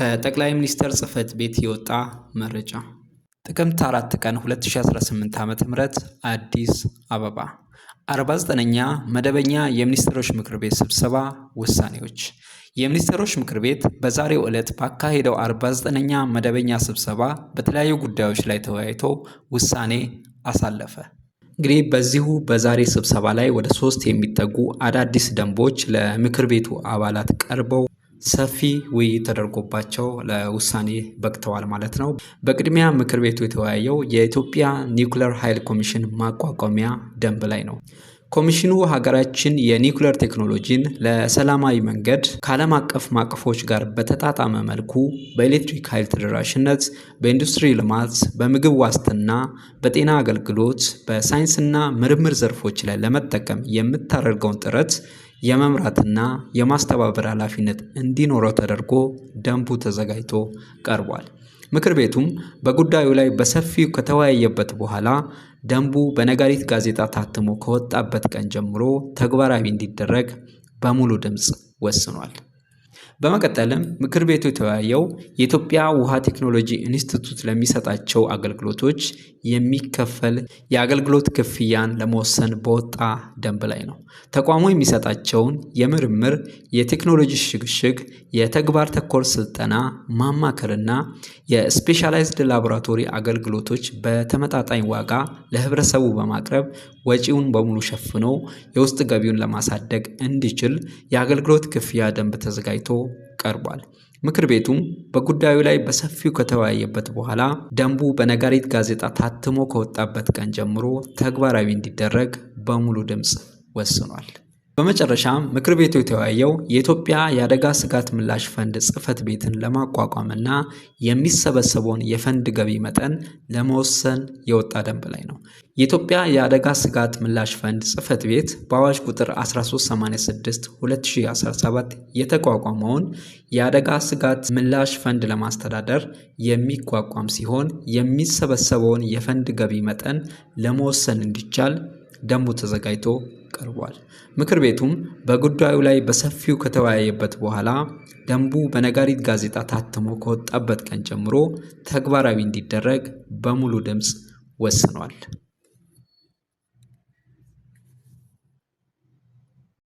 ከጠቅላይ ሚኒስትር ጽህፈት ቤት የወጣ መረጃ ጥቅምት አራት ቀን 2018 ዓ.ም አዲስ አበባ 49ኛ መደበኛ የሚኒስትሮች ምክር ቤት ስብሰባ ውሳኔዎች። የሚኒስትሮች ምክር ቤት በዛሬው ዕለት ባካሄደው 49ኛ መደበኛ ስብሰባ በተለያዩ ጉዳዮች ላይ ተወያይቶ ውሳኔ አሳለፈ። እንግዲህ በዚሁ በዛሬ ስብሰባ ላይ ወደ ሶስት የሚጠጉ አዳዲስ ደንቦች ለምክር ቤቱ አባላት ቀርበው ሰፊ ውይይት ተደርጎባቸው ለውሳኔ በቅተዋል ማለት ነው። በቅድሚያ ምክር ቤቱ የተወያየው የኢትዮጵያ ኒውክለር ኃይል ኮሚሽን ማቋቋሚያ ደንብ ላይ ነው። ኮሚሽኑ ሀገራችን የኒውክለር ቴክኖሎጂን ለሰላማዊ መንገድ ከዓለም አቀፍ ማዕቀፎች ጋር በተጣጣመ መልኩ በኤሌክትሪክ ኃይል ተደራሽነት፣ በኢንዱስትሪ ልማት፣ በምግብ ዋስትና፣ በጤና አገልግሎት፣ በሳይንስና ምርምር ዘርፎች ላይ ለመጠቀም የምታደርገውን ጥረት የመምራትና የማስተባበር ኃላፊነት እንዲኖረው ተደርጎ ደንቡ ተዘጋጅቶ ቀርቧል። ምክር ቤቱም በጉዳዩ ላይ በሰፊው ከተወያየበት በኋላ ደንቡ በነጋሪት ጋዜጣ ታትሞ ከወጣበት ቀን ጀምሮ ተግባራዊ እንዲደረግ በሙሉ ድምፅ ወስኗል። በመቀጠልም ምክር ቤቱ የተወያየው የኢትዮጵያ ውሃ ቴክኖሎጂ ኢንስቲትዩት ለሚሰጣቸው አገልግሎቶች የሚከፈል የአገልግሎት ክፍያን ለመወሰን በወጣ ደንብ ላይ ነው። ተቋሙ የሚሰጣቸውን የምርምር፣ የቴክኖሎጂ ሽግሽግ፣ የተግባር ተኮር ስልጠና፣ ማማከርና የስፔሻላይዝድ ላቦራቶሪ አገልግሎቶች በተመጣጣኝ ዋጋ ለህብረተሰቡ በማቅረብ ወጪውን በሙሉ ሸፍኖ የውስጥ ገቢውን ለማሳደግ እንዲችል የአገልግሎት ክፍያ ደንብ ተዘጋጅቶ ቀርቧል። ምክር ቤቱም በጉዳዩ ላይ በሰፊው ከተወያየበት በኋላ ደንቡ በነጋሪት ጋዜጣ ታትሞ ከወጣበት ቀን ጀምሮ ተግባራዊ እንዲደረግ በሙሉ ድምፅ ወስኗል። በመጨረሻም ምክር ቤቱ የተወያየው የኢትዮጵያ የአደጋ ስጋት ምላሽ ፈንድ ጽህፈት ቤትን ለማቋቋምና የሚሰበሰበውን የፈንድ ገቢ መጠን ለመወሰን የወጣ ደንብ ላይ ነው። የኢትዮጵያ የአደጋ ስጋት ምላሽ ፈንድ ጽህፈት ቤት በአዋጅ ቁጥር 1386 2017 የተቋቋመውን የአደጋ ስጋት ምላሽ ፈንድ ለማስተዳደር የሚቋቋም ሲሆን የሚሰበሰበውን የፈንድ ገቢ መጠን ለመወሰን እንዲቻል ደንቡ ተዘጋጅቶ ቀርቧል። ምክር ቤቱም በጉዳዩ ላይ በሰፊው ከተወያየበት በኋላ ደንቡ በነጋሪት ጋዜጣ ታትሞ ከወጣበት ቀን ጀምሮ ተግባራዊ እንዲደረግ በሙሉ ድምፅ ወስኗል።